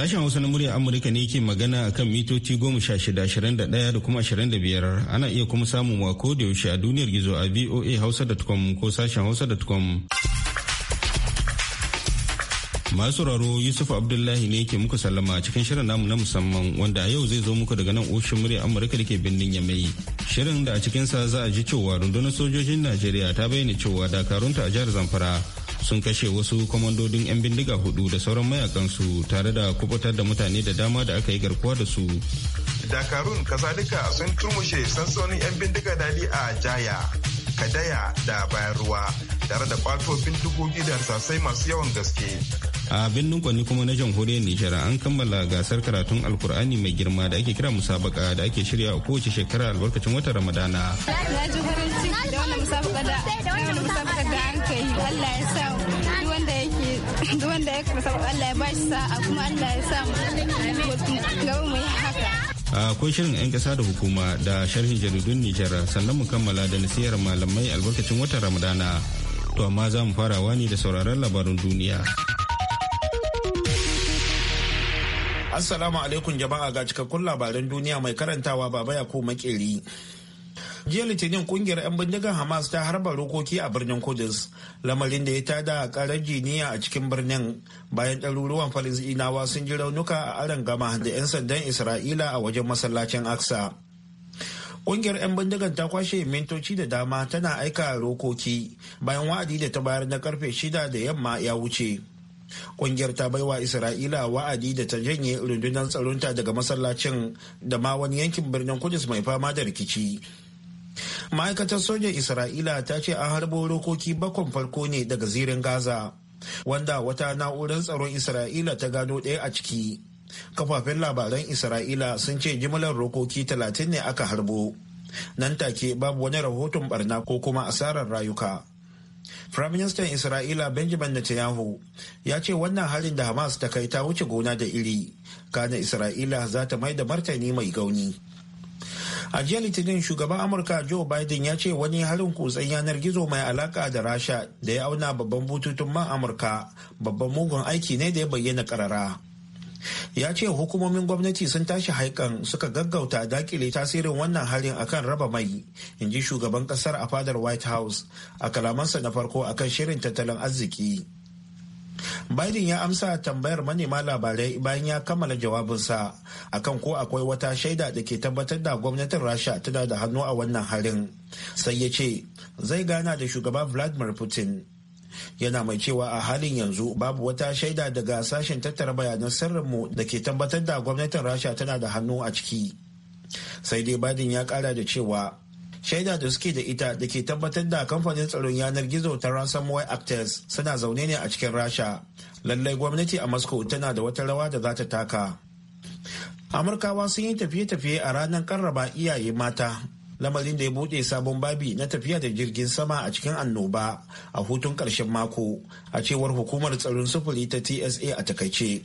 Sashen Hausa na muryar Amurka ne ke magana akan mitoci goma sha shida ashirin da ɗaya da kuma ashirin da biyar ana iya kuma samun wa ko da yaushe a duniyar gizo a voa hausa.com ko sashen hausa da hausa.com. Masu sauraro Yusuf Abdullahi ne ke muku sallama cikin shirin namu na musamman wanda a yau zai zo muku daga nan oshin muryar Amurka da ke birnin Yamai. Shirin da a cikinsa za a ji cewa rundunar sojojin Najeriya ta bayyana cewa dakarunta a jihar Zamfara sun kashe wasu kwamandodin 'yan bindiga hudu da sauran mayakansu tare da kubutar da mutane da dama da aka yi garkuwa da su dakarun kazalika sun turmushe sansonin 'yan bindiga dadi a jaya kadaya da bayan ruwa tare da kwato bindigogi da sasai masu yawan gaske. A birnin Kwanni kuma na jamhuriyar Nijar an kammala gasar karatun Alkur'ani mai girma da ake kira musabaka da ake shirya a kowace shekara albarkacin watan Ramadana. Na ji farin ciki da wannan musabaka da musabaka da an kai Allah ya sa wanda yake wanda ya karsa Allah ya ba shi sa'a kuma Allah ya sa mu gaba mu yi haka. akwai shirin 'yan kasa da hukuma da sharhin jaridun nijar sannan mu kammala da nasiyar malamai albarkacin watan ramadana To amma za mu farawa ne da sauraron labarin duniya. Assalamu alaikum jama'a ga cikakkun labaran duniya mai karantawa baba ya ko makeri. jiya litinin kungiyar 'yan bindigar hamas ta harba rokoki a birnin kudus lamarin da ya tada karar jiniya a cikin birnin bayan ɗaruruwan falis'inawa sun ji raunuka a aron gama da 'yan sandan isra'ila a wajen masallacin aksa Ƙungiyar 'yan bindigar ta kwashe mintoci da dama tana aika rokoki bayan wa'adi da ta bayar na karfe shida da yamma ya wuce. Ƙungiyar ta baiwa Isra'ila wa'adi da ta janye rundunar tsaronta daga masallacin da ma wani yankin birnin Kudus mai fama da rikici. Ma'aikatar sojan Isra'ila ta ce an harbo rokoki bakon farko ne daga zirin Gaza, wanda wata na'urar tsaron Isra'ila ta gano ɗaya a ciki. kafafen labaran isra'ila sun ce jimlar rokoki talatin ne aka harbo nan take babu wani rahoton barna ko kuma asarar rayuka Firaministan Isra'ila Benjamin Netanyahu ya ce wannan harin da Hamas ta kai ta wuce gona da iri, kana Isra'ila za ta mai da martani mai gauni. A jiya Litinin shugaban Amurka Joe Biden ya ce wani harin kutsen yanar gizo mai alaka da Rasha da ya auna babban bututun man Amurka babban mugun aiki ne da ya bayyana karara. ya ce hukumomin gwamnati sun tashi haikan suka gaggauta dakile tasirin wannan harin akan raba mai in ji shugaban kasar a fadar white house a kalamansa na farko akan shirin tattalin arziki biden ya amsa tambayar manema labarai bayan ya kammala jawabinsa akan ko akwai wata shaida da ke tabbatar da gwamnatin rasha tana da hannu a wannan harin sai ya ce zai gana da shugaba vladimir putin yana mai cewa a halin yanzu babu wata shaida daga sashen tattara bayanan sirrinmu da ke tabbatar da gwamnatin rasha tana da hannu a ciki sai dai badin ya kara da cewa shaida da suke da ita da ke tabbatar da kamfanin tsaron yanar gizo ta ransomware actors suna zaune ne a cikin rasha lallai gwamnati a moscow tana da wata rawa da za ta taka amurkawa sun yi tafiye-tafiye a ranar karraba iyaye mata lamarin da ya buɗe sabon babi na tafiya da jirgin sama a cikin annoba a hutun ƙarshen mako a cewar hukumar tsaron sufuri ta tsa a takaice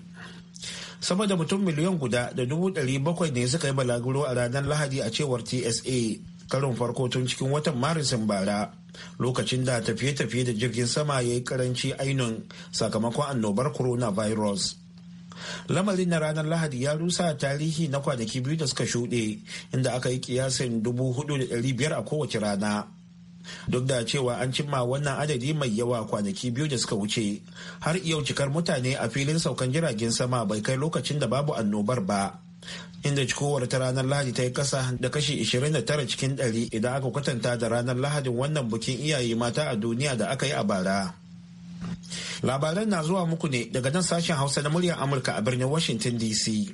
sama da mutum miliyan guda da dubu ɗari bakwai ne suka yi balaguro a ranar lahadi a cewar tsa karin farko tun cikin watan marisin bara lokacin da tafiye-tafiye da jirgin sama ya yi karanci ainun sakamakon annobar coronavirus lamarin na ranar lahadi ya rusa tarihi na kwanaki biyu da suka shuɗe inda aka yi kiyasin dubu hudu da biyar a kowace rana duk da cewa an cimma wannan adadi mai yawa kwanaki biyu da suka wuce har iya cikar mutane a filin saukan jiragen sama bai kai lokacin da babu annobar ba inda cikowar ta ranar lahadi ta yi kasa da kashi 29 cikin 100 idan aka kwatanta da ranar lahadin wannan bukin iyaye mata a duniya da aka yi a bara Labaran na zuwa muku ne daga nan sashen Hausa na muryar Amurka a birnin Washington DC.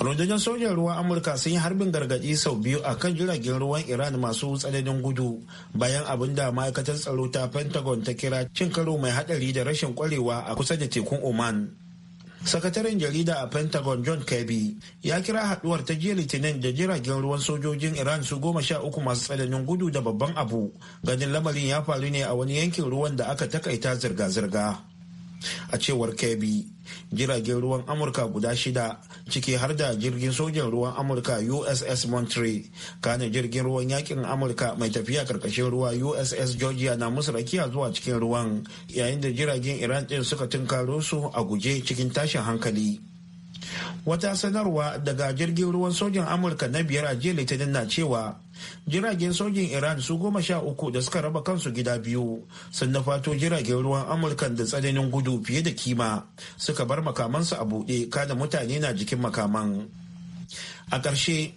rundunar sojan ruwan amurka sun yi harbin gargaɗi sau biyu a kan jiragen ruwan iran masu tsananin gudu bayan abin da ma'aikatar tsaro ta pentagon ta kira cin karo mai haɗari da rashin kwarewa a kusa da tekun oman sakataren jarida a pentagon john kirby ya kira haduwar ta jiya litinin da jiragen ruwan sojojin iran su goma sha uku masu tsananin gudu da babban abu ganin lamarin ya faru ne a wani yankin ruwan da aka takaita zirga-zirga a cewar kebi jiragen ruwan amurka guda shida ciki har da jirgin sojan ruwan amurka uss Montreal kane jirgin ruwan yakin amurka mai tafiya karkashin ruwa uss georgia na musu rakiya zuwa cikin ruwan yayin da jiragen iran din suka tunkaro su a guje cikin tashin hankali wata sanarwa daga jirgin ruwan sojan amurka na biyar a jiya litinin na cewa jiragen sojin iran su goma sha uku da suka raba kansu gida biyu sun na fato jiragen ruwan amurkan da tsananin gudu fiye da kima suka bar makamansu a buɗe kada mutane na jikin makaman a ƙarshe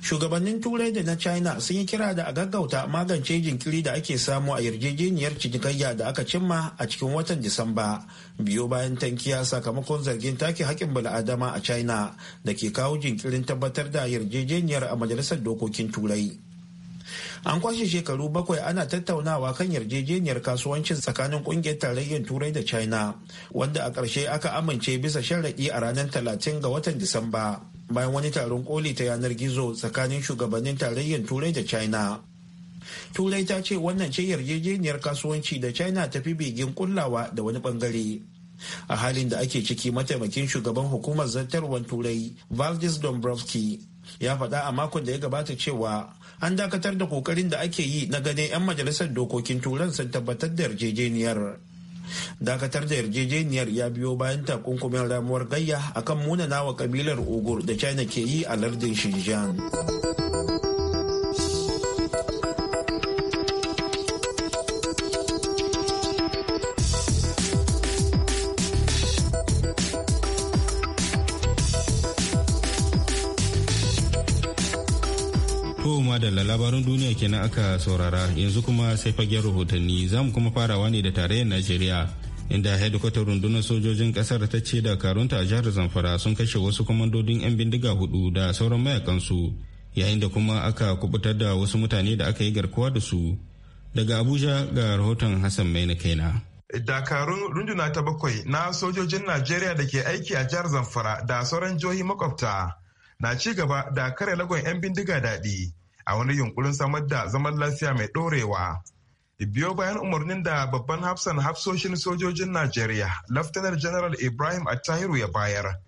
shugabannin turai da na china sun yi kira da a gaggauta magance jinkiri da ake samu a yarjejeniyar cinikayya da aka cimma a cikin watan disamba biyo bayan tankiya sakamakon zargin take haƙƙin bala'adama a china da ke kawo jinkirin tabbatar da yarjejeniyar a majalisar dokokin turai an kwashe shekaru bakwai ana tattaunawa kan yarjejeniyar kasuwancin tsakanin kungiyar tarayyar turai da china wanda a ƙarshe aka amince bisa sharaɗi a ranar Talatin ga watan disamba bayan wani taron koli ta yanar gizo tsakanin shugabannin tarayyar turai da china turai ta ce wannan ce yarjejeniyar kasuwanci da china ta fi bigin kullawa da wani bangare a halin da ake ciki mataimakin shugaban hukumar zartarwar turai valdis dombrovski ya faɗa a makon da ya gabata cewa an dakatar da kokarin da ake yi na ganin 'yan majalisar dokokin turan sun tabbatar da yarjejeniyar dakatar da yarjejeniyar ya biyo bayan takunkumin ramuwar gayya akan wa kabilar ogur da china ke yi a lardin xinjiang labaran duniya kenan aka saurara yanzu kuma sai fagen rahotanni za mu kuma farawa ne da tarayyar najeriya inda hedikwatar rundunar sojojin kasar ta ce dakarunta a jihar zamfara sun kashe wasu kwamandodin 'yan bindiga hudu da sauran mayakansu yayin da kuma aka kubutar da wasu mutane da aka yi garkuwa da su daga abuja ga rahoton hassan mai na kaina dakarun runduna ta bakwai na sojojin najeriya da ke aiki a jihar zamfara da sauran jihohi makwabta na ci gaba da kare lagon 'yan bindiga daɗi a wani yunkurin samar da zaman lafiya mai ɗorewa. biyo bayan umarnin da babban hafsan hafsoshin sojojin najeriya laftanar general ibrahim attahiru ya bayar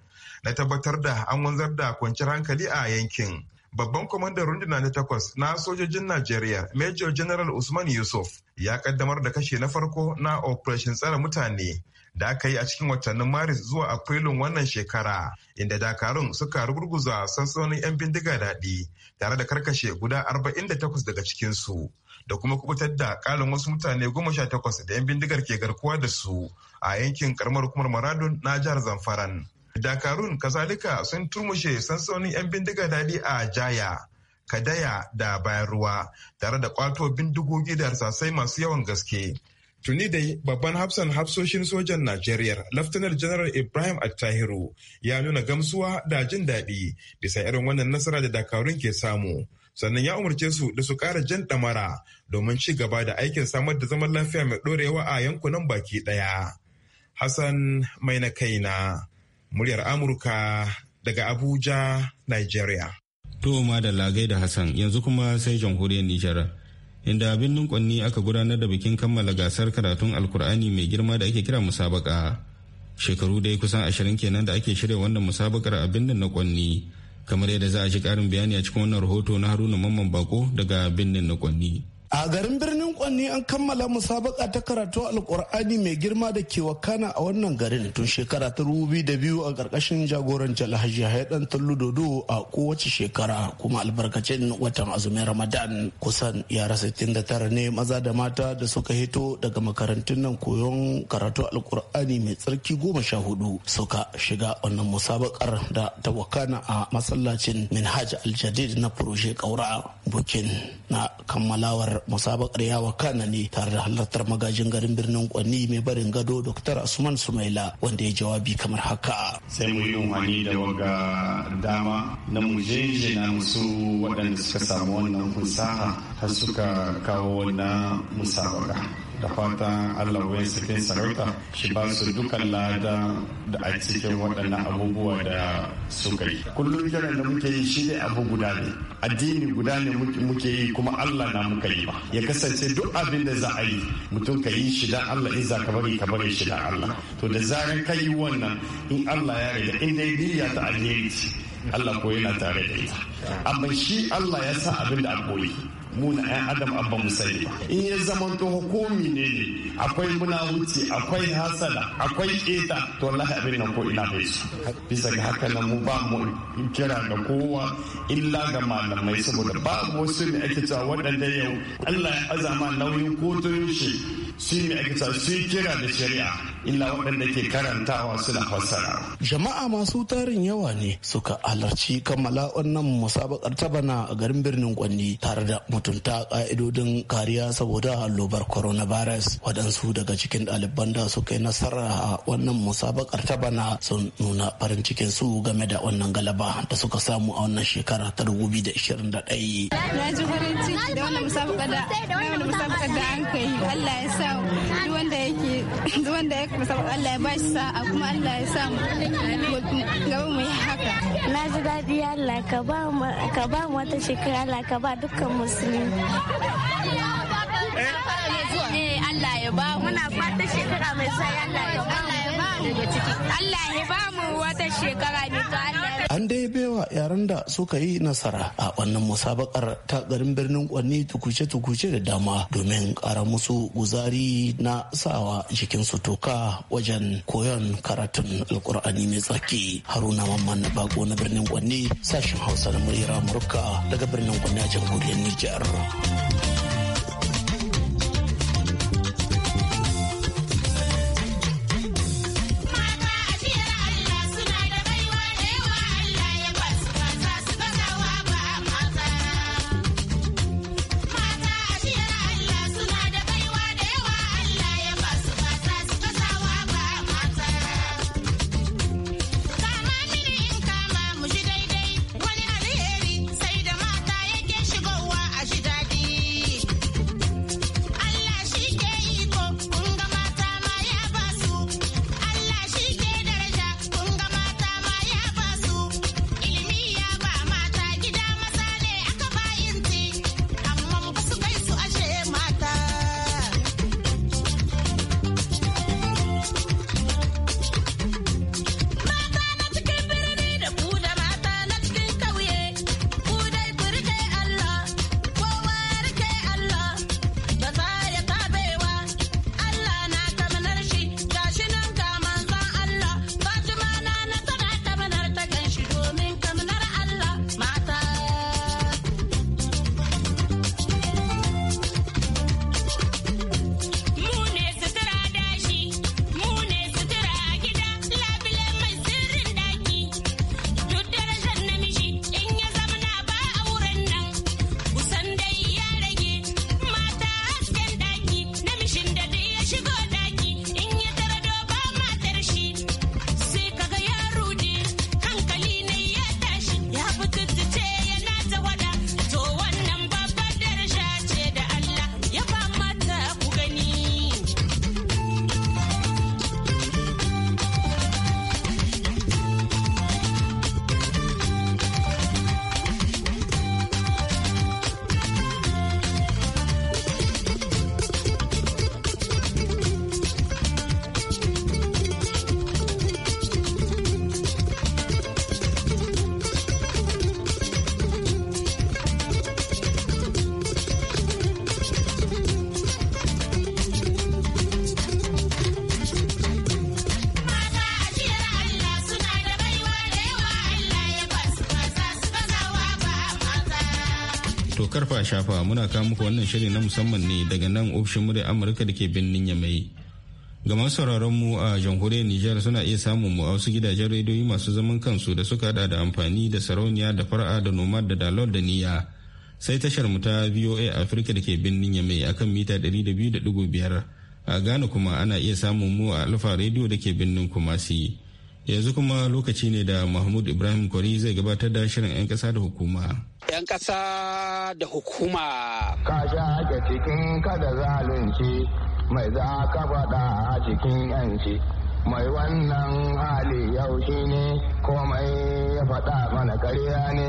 na tabbatar da an wanzar da kwanciyar hankali a yankin babban kwamandan runduna na takwas na sojojin Najeriya, Major General Usman Yusuf, ya kaddamar da kashe na farko na operation tsara mutane da aka yi a cikin watannin Maris zuwa Afrilun wannan shekara, inda dakarun suka rugurguza sansanonin 'yan bindiga daɗi tare da karkashe guda 48 daga cikinsu. da kuma kubutar da ƙarin wasu mutane goma sha takwas da 'yan bindigar ke garkuwa da su a yankin karamar hukumar maradun na jihar zamfaran dakarun kazalika sun turmushe sansanin 'yan bindiga daɗi a jaya kadaya da bayan ruwa tare da kwato bindigogi da harsasai masu yawan gaske tuni dai babban hafsan hafsoshin sojan najeriya laftanar janar ibrahim attahiru ya nuna gamsuwa da jin daɗi bisa irin wannan nasara da dakarun ke samu sannan ya umarce su da su ƙara jan ɗamara domin ci gaba da aikin samar da zaman lafiya mai ɗorewa a yankunan baki ɗaya hassan mai na kaina muryar Amurka daga Abuja, Nigeria. To da lagai da Hassan yanzu kuma sai jamhuriyar Nijar. Inda birnin kwanni aka gudanar da bikin kammala gasar karatun Alkur'ani mai girma da ake kira musabaka. Shekaru dai kusan ashirin kenan da ake shirya wannan musabakar a birnin na kwanni. Kamar yadda za a ji karin bayani a cikin wannan rahoto na Haruna Mamman Bako daga birnin na kwanni. A garin birnin Kwanni an kammala musabaka ta karatu alkur'ani mai girma da ke wakana a wannan garin tun shekara ta rubi da biyu a ƙarƙashin jagoranci Alhaji Haidan Tallu Dodo a kowace shekara kuma albarkacin watan azumin Ramadan kusan yara tara ne maza da mata da suka hito daga makarantun nan koyon karatu alkur'ani mai tsarki goma sha hudu suka shiga wannan musabakar da ta wakana a masallacin Minhaj Aljadid na Proje Kaura Bukin na kammalawar musabakar yawa kana ne tare da halartar magajin garin birnin Kwanni mai barin gado Dr. Usman Sumaila wanda ya jawabi kamar haka. Sai mu yi umarni da waga dama na mu jinjina musu waɗanda suka samu wannan fasaha har suka kawo wannan musabaka. da fatan allah wai sarkin sarauta shi ba su dukan lada da a cikin waɗannan abubuwa da suka yi kullum kiran da muke yi shi ne abu guda ne addini guda ne muke yi kuma allah na muka yi ba ya kasance duk abin da za a yi mutum ka yi shi dan allah in za ka bari ka bari shi dan allah to da zarar ka yi wannan in allah ya riga in dai niyya ta alheri Allah ko yana tare da ita amma shi Allah ya sa abin da a mu na yan adam a ba mu sani ba in ya zama to hukumi ne ne akwai wuce akwai hasala akwai keta to lahi abin nan ko ina bai su bisa ga haka na mu ba mu kira ga kowa illa ga malamai saboda babu wasu ne ake cewa waɗanda yau Allah ya azama nauyin kotun shi shi ne ake cewa shi kira da shari'a illa waɗanda ke karantawa suna fassara. Jama'a masu tarin yawa ne suka halarci kammala wannan musabakar ta bana a garin birnin Kwanni tare da mutunta ka'idodin kariya saboda allobar coronavirus waɗansu daga cikin ɗaliban da suka yi nasara a wannan musabakar ta bana sun nuna farin cikin su game da wannan galaba da suka samu a wannan shekara ta 2021. Na ji farin ciki da wannan musabakar da an kai Allah ya sa duk wanda ya Allah ya ba sa'a kuma Allah ya sa mu gaba mu yi haka. Na ji daɗi Allah ka ba mu wata shekara Allah ka ba dukkan musulmi. Eh, Allah ya ba muna fata shekara mai sai Allah ya ba daga ciki Allah ya ba mu wata shekara mai to Allah an dai baiwa yaran da suka yi nasara a wannan musabakar ta garin birnin kwanni tukuce-tukuce da dama domin kara musu guzari na sawa jikin su toka wajen koyon karatun alkur'ani mai tsaki haruna mamman na bako na birnin kwanni sashen hausa na muryar amurka daga birnin kwanni a jamhuriyar nijar shafa muna kawo muku wannan shiri na musamman ne daga nan ofishin murya Amurka da ke birnin Yamai. Ga masu mu a jamhuriyar Nijar suna iya samun mu a wasu gidajen rediyoyi masu zaman kansu da suka hada da amfani da sarauniya da fara'a da noma da dalol da niyya. Sai tashar mu ta VOA afirka da ke birnin Yamai akan mita ɗari da 200.5 a Ghana kuma ana iya samun mu a Alfa rediyo da ke birnin Kumasi. yanzu kuma lokaci ne da mahmud ibrahim kwari zai gabatar da shirin 'yan kasa da hukuma 'yan kasa da hukuma ka sha ake cikin kada zalunci mai za ka faɗa a cikin 'yanci mai wannan hali yau shi ne komai ya faɗa mana karya ne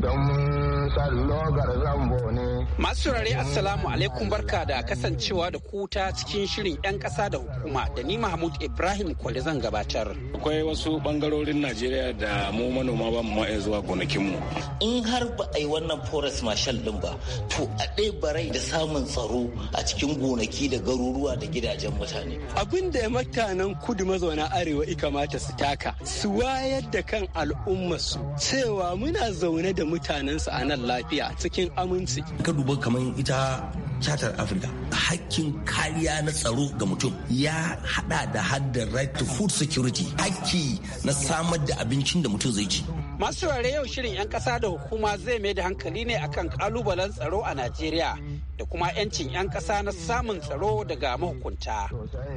don sallogar zambo ne. Masu turare Assalamu alaikum barka da kasancewa da kuta cikin shirin 'yan ƙasa da hukuma da ni Mahmud Ibrahim Kwale zan gabatar. Akwai wasu bangarorin Najeriya da mu manoma ba mu ma'a zuwa gonakinmu. In har ba a yi wannan forest marshal ɗin ba, to a ɗaya barai da samun tsaro a cikin gonaki da garuruwa da gidajen mutane. Abin da mutanen kudu mazauna arewa kamata su taka, su wayar da kan al'ummarsu cewa muna zaune da da mutanensu a nan lafiya cikin aminci. Ka duba kamar ita chatar Afirka hakkin kariya na tsaro ga mutum ya hada da hadda right to food security hakki na samar da abincin da mutum zai ci. Masu yau shirin 'yan ƙasa da hukuma zai mai da hankali ne akan kalubalen tsaro a Najeriya da kuma 'yancin 'yan ƙasa na samun tsaro daga mahukunta.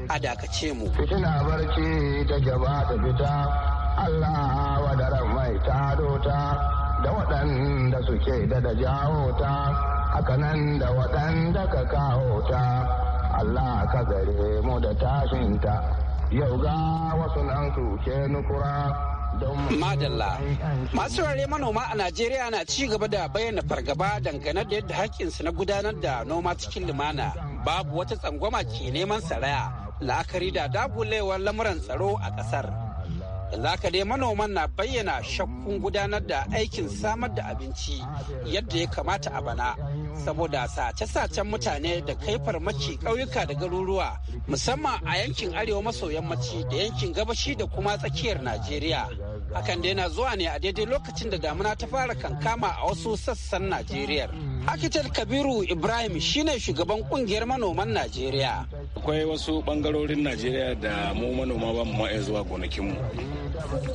A dakace mu. Fitina barci ta gaba da fita, Allah mai ta da waɗanda suke da da jawo ta hakanan da waɗanda ka kawo ta Allah ka gare mu da tashinta yau ga wasu nan suke nukura Madalla. Masu rare manoma a Najeriya na ci gaba da bayyana fargaba dangane da yadda haƙƙinsu na gudanar da noma cikin lumana. Babu wata tsangwama ke neman saraya la'akari da dagulewar lamuran tsaro a ƙasar. Yanzu haka dai manoman na bayyana shakkun gudanar da aikin samar da abinci yadda ya kamata a bana saboda sace-sacen mutane da kai farmaki ƙauyuka da garuruwa musamman a yankin arewa maso yammaci da yankin gabashi da kuma tsakiyar Najeriya. hakan dai na zuwa ne a daidai lokacin da damuna ta fara kankama a wasu sassan najeriya architect kabiru ibrahim shine shugaban kungiyar manoman najeriya akwai wasu bangarorin najeriya da mu manoma ba mu ma'a zuwa gonakinmu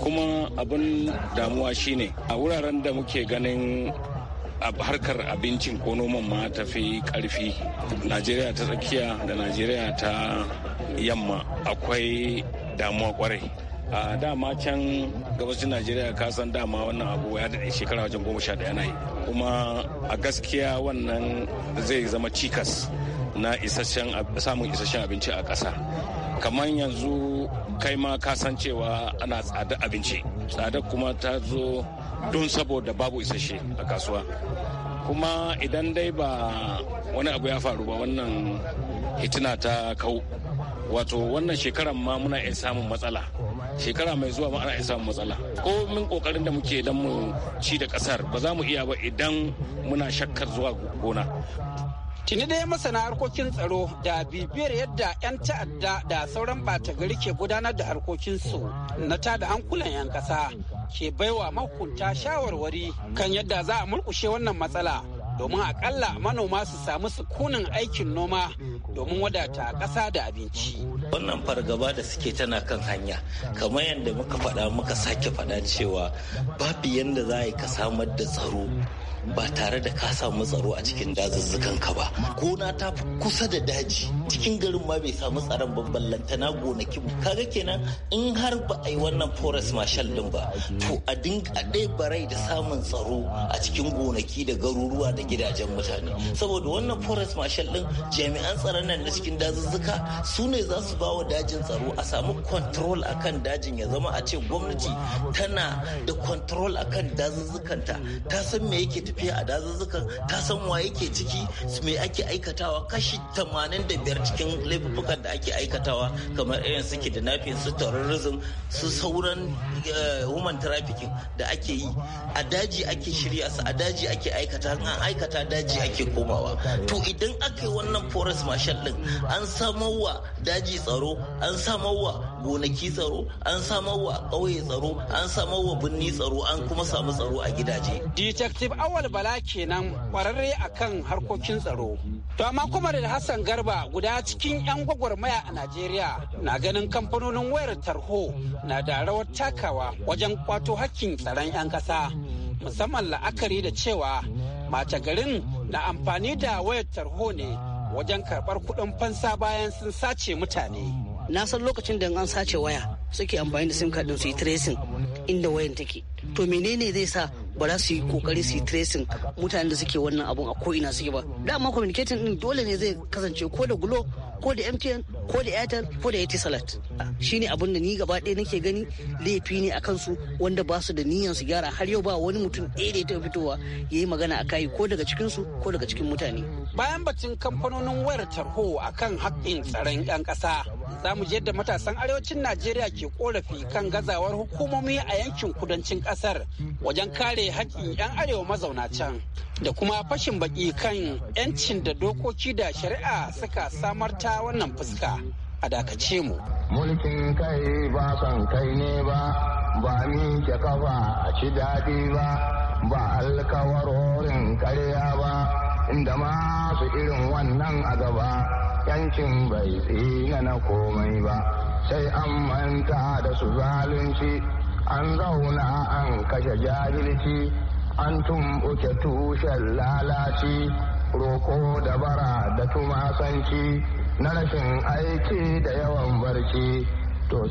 kuma abin damuwa shine a wuraren da muke ganin a harkar abincin ko noman ma ta fi karfi najeriya ta tsakiya da najeriya ta yamma akwai damuwa kwarai a dama can gabashin najeriya ka san dama wannan abu ya daɗe shekara wajen goma sha ɗaya na yi kuma a gaskiya wannan zai zama cikas na samun isasshen abinci a ƙasa kamar yanzu kai ma ka san cewa ana tsada abinci tsada kuma ta zo don saboda babu isasshe a kasuwa kuma idan dai ba wani abu ya faru ba wannan hitina ta kau wato wannan shekaran ma muna iya samun matsala shekara mai zuwa ma ana iya samun matsala ko min kokarin da muke dan mu ci da kasar ba za mu iya ba idan muna shakkar zuwa gona tini dai masana harkokin tsaro da bibiyar yadda 'yan ta'adda da sauran bata gari ke gudanar da harkokinsu na ta tada hankulan 'yan ƙasa ke baiwa mahukunta shawarwari kan yadda za a mulkushe wannan matsala domin akalla manoma su samu sukunin aikin noma domin wadata ƙasa da abinci. Wannan fargaba da suke tana kan hanya, kamar yadda muka faɗa muka sake faɗa cewa babu yadda za a yi ka samar da tsaro ba tare da ka samu tsaro a cikin dazuzzukan ka ba gona ta fi kusa da daji cikin garin ma bai samu tsaron babban lantana gonakin kaga kenan in har ba a yi wannan forest marshal din ba to a dinga ɗaya barai da samun tsaro a cikin gonaki da garuruwa da da gidajen mutane saboda wannan forest marshal din jami'an tsaron nan na cikin dazuzzuka su ne za su wa dajin tsaro a samu control akan dajin ya zama a ce gwamnati tana da control akan dazuzzukanta ta san me yake tafiya a dazuzzukan ta san wa yake ciki me ake aikatawa kashi 85 cikin laifukan da ake aikatawa kamar irin suke da nafin su terrorism su sauran eh, human trafficking da ake yi a daji ake shirya su a daji ake aikata ma'aikata daji ake komawa to idan aka yi wannan forest marshal din an samarwa daji tsaro an samarwa gonaki tsaro an samarwa ƙauye tsaro an samarwa birni tsaro an kuma samu tsaro a gidaje detective awal bala kenan kwararre akan harkokin tsaro to amma kuma da hassan garba guda cikin yan gwagwarmaya a najeriya na ganin kamfanonin wayar tarho na da rawar takawa wajen kwato hakkin tsaron yan ƙasa musamman la'akari da cewa mace garin na amfani da wayar tarho ne wajen karɓar kuɗin fansa bayan sun sace mutane na san lokacin da an sace waya suke amfani da sim card din su yi tracing inda wayan take to menene zai sa ba za su yi kokari su yi tracing mutanen da suke wannan abun a ko'ina suke ba dama communicating din dole ne zai kasance ko da gulo ko da mtn ko da airtel ko da etisalat ah, shine abin da ni gaba ɗaya nake gani laifi ne a kansu wanda ba su da niyan su gyara har yau ba wani mutum ɗaya da ya fitowa ya yi magana a kai ko daga cikinsu ko daga cikin mutane bayan batun kamfanonin wayar tarho akan haƙƙin tsaron 'yan ƙasa za mu je da matasan arewacin najeriya ke korafi kan gazawar hukumomi a yankin kudancin kasar wajen kare haƙƙin 'yan arewa mazauna can da kuma fashin baƙi kan 'yancin da dokoki da shari'a suka samar ta wannan fuska a dakace mu mulkin kai ba son kai ne ba ba ni ke kafa a ci daɗi ba ba alkawarorin karya ba inda masu irin wannan a gaba yancin bai tsina na komai ba sai an manta da su zalunci an zauna an kashe jahilci an tumɓuke tushen lalaci roko da bara da tumasanci na rashin aiki da yawan barci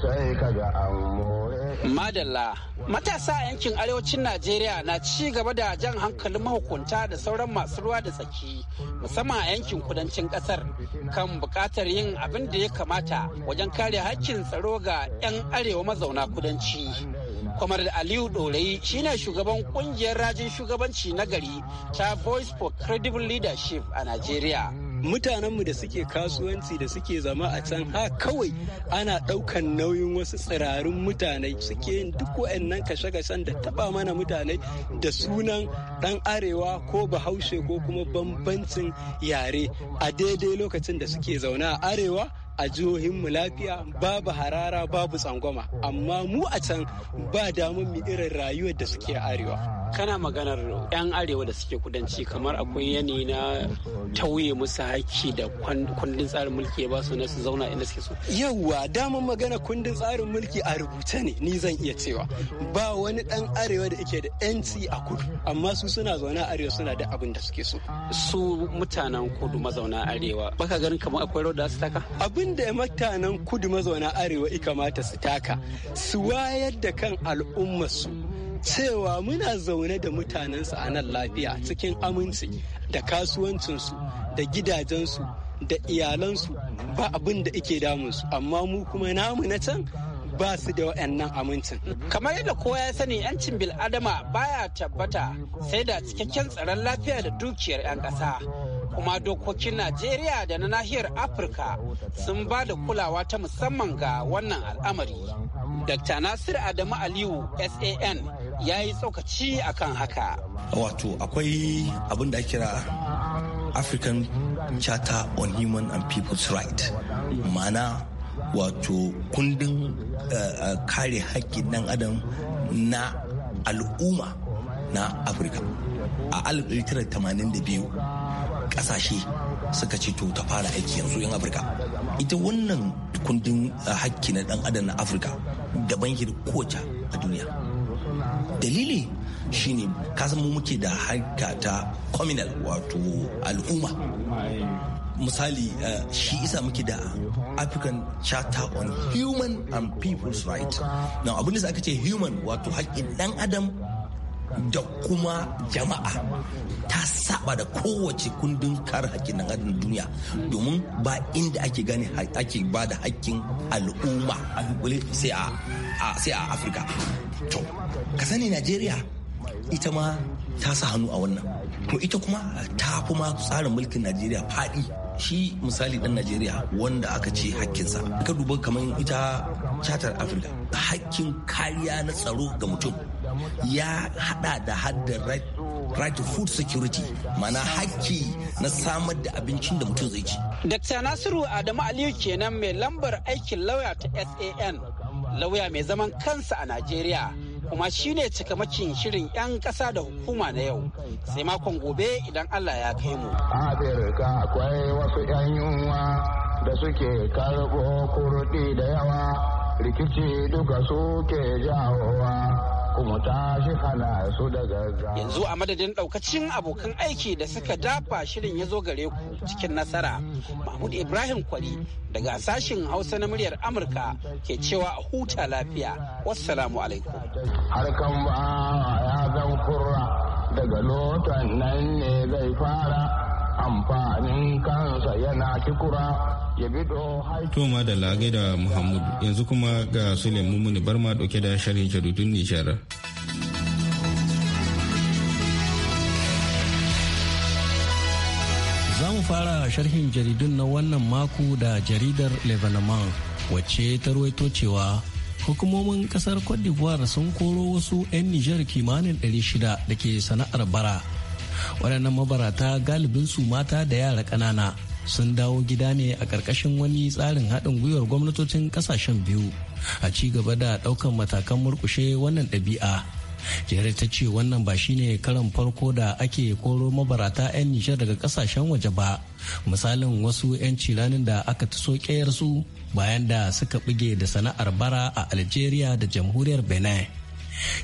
Madala Madalla matasa a yankin arewacin Najeriya na ci gaba da jan hankalin mahukunta da sauran masu ruwa da tsaki musamman a yankin kudancin kasar kan bukatar yin abin da ya kamata wajen kare hakkin tsaro ga 'yan arewa mazauna kudanci. Kwamar Aliyu Ɗorayi shine shugaban kungiyar rajin shugabanci na gari ta Voice for Credible Leadership a Najeriya. mutanenmu da suke kasuwanci da suke zama a can ha kawai ana ɗaukan nauyin wasu tsirarun mutane suke yin duk wa'annan kashe-kashen da taba mana mutane da sunan ɗan arewa ko bahaushe ko kuma bambancin yare a daidai lokacin da suke zaune a arewa a jihohinmu lafiya babu harara babu tsangwama amma mu a can ba damun mu irin rayuwar da suke arewa kana maganar 'yan arewa da suke kudanci kamar akwai yani na tauye musu haƙƙi da kundin tsarin mulki ya ba su na su zauna inda suke so. yawwa daman magana kundin tsarin mulki a rubuce ne ni zan iya cewa ba wani 'yan arewa da yake da 'yanci a kudu amma su suna zaune arewa suna da abin da suke so. su mutanen kudu mazauna arewa baka ganin kamar akwai rawar da su taka. abin da mutanen kudu mazauna arewa ikamata su taka su wayar da kan al'ummarsu cewa muna zaune da mutanensu a nan lafiya cikin aminci da kasuwancinsu da gidajensu da iyalansu ba abin da ike damunsu amma mu kuma namu na can ba su da waɗannan amincin. Kamar yadda kowa ya sani 'yancin bil'adama baya tabbata sai da cikakken tsaron lafiya da dukiyar 'yan ƙasa. kuma dokokin najeriya da na nahiyar afirka sun ba da kulawa ta musamman ga wannan al'amari dr nasir adamu aliyu san ya yi tsokaci akan haka wato akwai abin da kira african charter on human and people's right ma'ana wato kundin eh, eh, kare haƙƙin ɗan adam na al'umma na afirka a 1982 kasashe suka ce to ta fara aiki yanzu yan afirka ita wannan kundin ah, hakki na dan adam na afirka da yake kowace a duniya dalili shine kasan mu muke da harka ta communal wato al'umma misali ah, shi isa muke da african charter on human and people's right na abin da aka ce human wato haƙƙin dan adam da kuma jama'a ta saba da kowace kundin kare hakkin na adam duniya domin ba inda ake gane ake ba da hakkin al'umma sai a afirka to ka sani najeriya ita ma ta sa hannu a wannan to ita kuma ta kuma tsarin mulkin najeriya faɗi shi misali ɗan najeriya wanda aka ce hakkinsa ka duba kamar ita chatar afirka hakkin kariya na tsaro ga mutum ya hada da haddar right to food security mana haƙƙi na samar da abincin da mutum zai ci. Dr. Nasiru Adamu Aliyu kenan mai lambar aikin lauya ta SAN, lauya mai zaman kansa a Najeriya. kuma shi shine cikamakin shirin 'yan ƙasa da hukuma na yau sai makon gobe idan Allah ya kai mu. Afirka akwai wasu 'yan yunwa da suke karɓo kurɗi da yawa rikici duka suke jawowa. kuma shi hana su da gaggawa. Yanzu a madadin daukacin abokan aiki da suka dafa shirin ya zo gare ku cikin nasara. Mahmud Ibrahim Kwari daga sashin Hausa na muryar Amurka ke cewa a huta lafiya. Wassalamu alaikum. Harkan ba ya zan kurra daga lotan nan ne zai fara amfanin kansa yana kikura. ya bido da madalla gaida Muhammadu yanzu kuma ga Suleiman Mumuni ma dauke da sharhin jaridun Nijar. Za mu fara sharhin jaridun na wannan mako da jaridar Lebanon wacce ta ruwaito cewa hukumomin kasar Cote d'Ivoire sun koro wasu 'yan Nijar kimanin 600 da ke sana'ar bara. waɗannan mabarata galibinsu mata da yara ƙanana sun dawo gida ne a ƙarƙashin wani tsarin haɗin gwiwar gwamnatocin ƙasashen biyu a ci gaba da ɗaukan matakan murkushe wannan ɗabi'a jere ta ce wannan ba shine karan farko da ake koro mabarata 'yan nishar daga ƙasashen waje ba misalin wasu 'yan ciranin da aka ta so su bayan da suka buge da sana'ar bara a algeria da jamhuriyar benin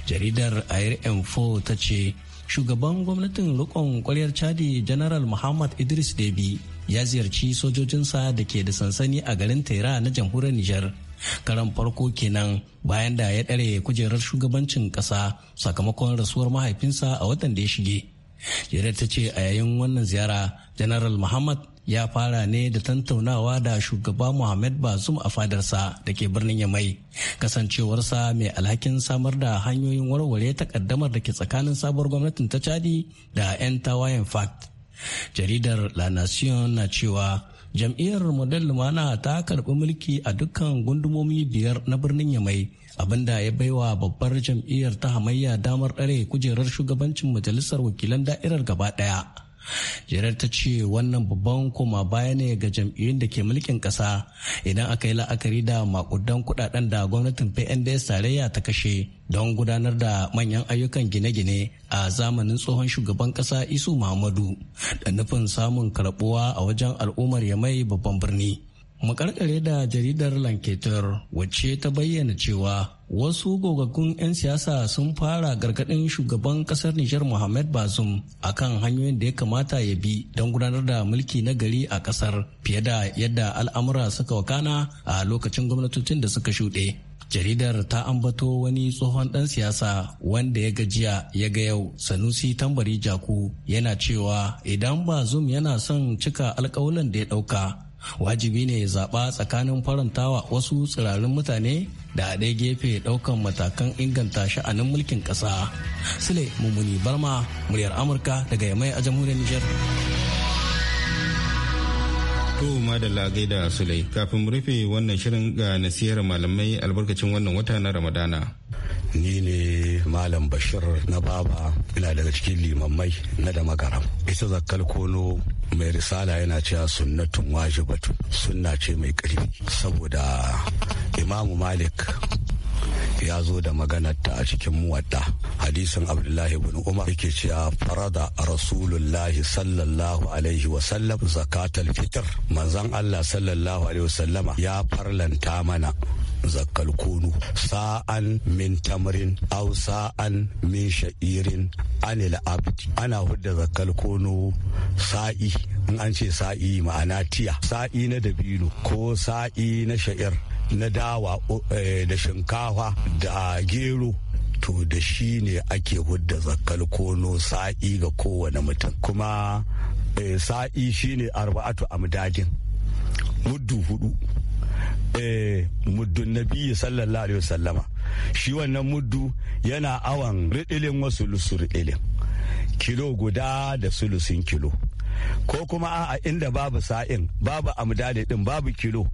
jaridar air info ta ce shugaban gwamnatin rikon kwaryar chadi general muhammad idris debi ya ziyarci sojojinsa da ke da sansani a garin tera na jamhuriyar nijar karan farko kenan bayan da ya ɗare kujerar shugabancin ƙasa sakamakon rasuwar mahaifinsa a watan da ya shige jirar ta ce a yayin wannan ziyara janaral muhammad ya fara ne da tantaunawa da shugaba muhammad bazum a fadarsa da ke birnin yamai kasancewarsa mai alhakin samar da hanyoyin warware ta takaddamar da ke tsakanin sabuwar gwamnatin ta chadi da 'yan tawayen fact jaridar la nation na cewa jam'iyyar model lumana ta karɓi mulki a dukkan gundumomi biyar na birnin yamai abinda ya baiwa babbar jam'iyyar ta hamayya damar dare kujerar shugabancin majalisar wakilan da'irar gaba ɗaya jerar ta ce wannan babban koma baya ne ga jam'iyyun da ke mulkin kasa idan aka yi la'akari da makudan kudaden da gwamnatin pnds tarayya ta kashe don gudanar da manyan ayyukan gine-gine a zamanin tsohon shugaban kasa isu muhammadu da nufin samun karbuwa a wajen al'ummar yamai babban birni makarkare da jaridar lanketer wacce ta bayyana cewa wasu gogaggun 'yan siyasa sun fara gargaɗin shugaban ƙasar nijar mohamed bazum a kan hanyoyin da ya kamata ya bi don gudanar da mulki na gari a ƙasar fiye da yadda al'amura suka wakana a lokacin gwamnatocin da suka shuɗe jaridar ta ambato wani tsohon ɗan siyasa wanda ya gajiya ya ga yau sanusi tambari jaku yana cewa idan bazum yana son cika alkawalin da ya ɗauka wajibi ne ya zaɓa tsakanin farantawa wasu tsirarin mutane da a ɗaya gefe ɗaukan matakan inganta sha'anin mulkin ƙasa. Sule Mummuni Barma, muryar Amurka daga Yamai a jamhuriyar Nijar. To lagai da sulai kafin mu rufe wannan shirin ga nasiyar malamai albarkacin wannan wata na Ramadana. ni ne malam bashir na baba ina daga cikin limammai na da magaram ita zakkal kono mai risala yana cewa sunnatun wajibatu sunna ce mai ƙarfi saboda imamu malik ya zo da maganarta a cikin muwadda hadisin abdullahi ibn umar yake cewa farada rasulullahi sallallahu alaihi wasallam zakatal fitr manzon allah sallallahu alaihi wasallama ya farlanta mana zakkal kunu sa'an min tamarin au sa'an min sha'irin anil abdi ana hudda zakkal kunu sa'i in an ce sa'i ma'ana tiya sa'i na dabino ko sa'i na sha'ir na dawa eh, da shinkafa da gero to da shi ne ake hudda zakkal kono sa'i ga kowane mutum kuma eh, sa'i shi ne arba'atu amdadin muddu hudu Eh, muddun nabiyyi sallallahu alaihi wasallama shi wannan muddu yana awan riɗilin wasu riɗilin kilo guda da sulusin kilo ko kuma a inda babu sa'in babu amdali din babu kilo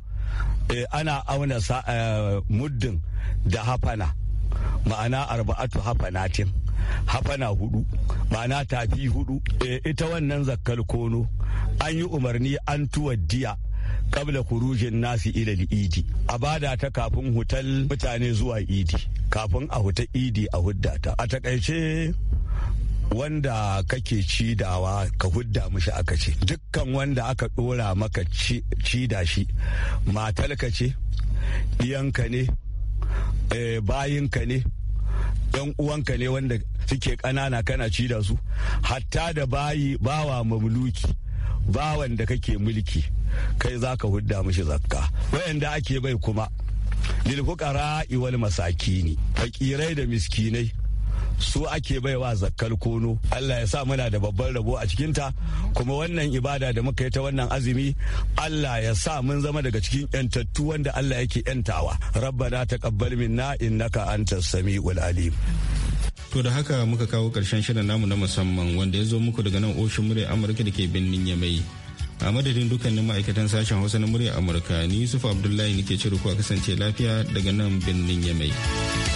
eh, ana auna eh, muddin da hafana ma'ana arba'atu hafanatin hafana hudu ma'ana tafi hudu ita wannan zakkal kono an yi umarni an tuwa diya kabla kurujin nasu ilal idi a bada ta kafin hutal mutane zuwa idi kafin a huta idi a hudda a takaice wanda kake cidawa ka hudda mushi aka ce dukkan wanda aka dora maka cida shi matalka ce ɗiyanka ne eh, bayinka ne yan uwanka ne wanda suke ƙanana kana ci da su hatta da bayi bawa mamluki bawan da kake mulki kai za ka hudda mashi zakka wayanda ake bai kuma lilfuqara iwal masakini fakirai da miskinai su ake baiwa zakkar kono Allah ya sa muna da babban rabo a cikinta kuma wannan ibada da muka yi ta wannan azumi Allah ya sa mun zama daga cikin yantattu wanda Allah yake yantawa rabbana taqabbal minna innaka antas samiul alim To da haka muka kawo ƙarshen shirin namu na musamman wanda ya zo muku daga nan oshin murya Amurka da ke birnin Yamai. A madadin dukkanin ma'aikatan sashen Hausa na murya Amurka ni Yusuf Abdullahi nake cire ku a kasance lafiya daga nan birnin Yamai.